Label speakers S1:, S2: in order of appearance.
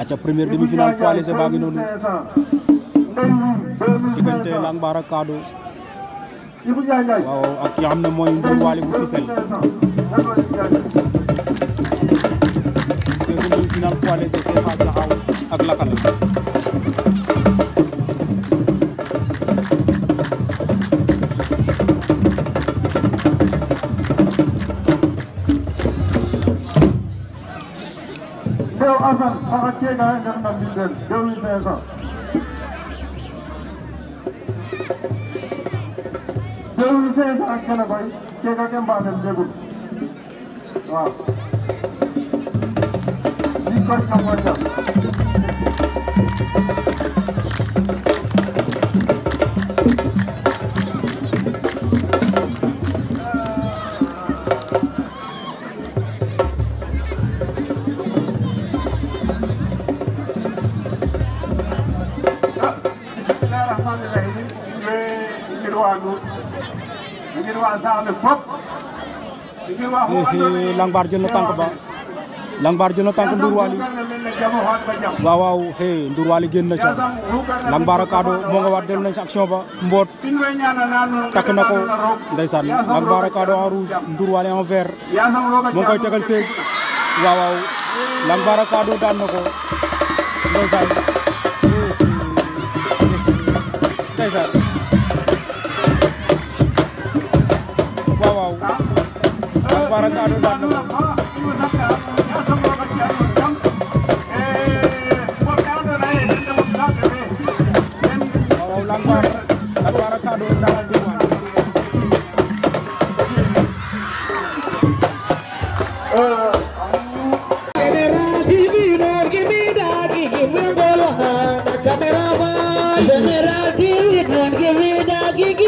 S1: acca première demi-finale poids léger baa ngi noonu diggante Lang Bara Kado waaw ak ki nga xam ne mooy Ndour Wally bu Fissel deuxième demi-finale poids léger seen xaaj la xaw ak lakal Yo, Asan, baka kega e ngan nan bilden. Yo, yi se sa. Yo, yi se sa ak kene bay, kega ken basen degun. Wa. Yi kosh nan wajan. alhamdulilahi we ngir waa Nduur ngir waa na tànk ba Langbar jël na tànk Ndour Waly waaw waaw hey eh, na ca Langbar ak Ado moo nga waat dellu nañ ci action ba mboot takk na ko ndeysaan Langbar ak Ado en rouge Ndour Waly en vert moo koy tegal seeg waaw waaw eh. Langbar ak Ado daan na ko ndeysaan waaw waaw Bara Ngado daan na ko waaw waaw Bara Ngado daan na ko Nagiging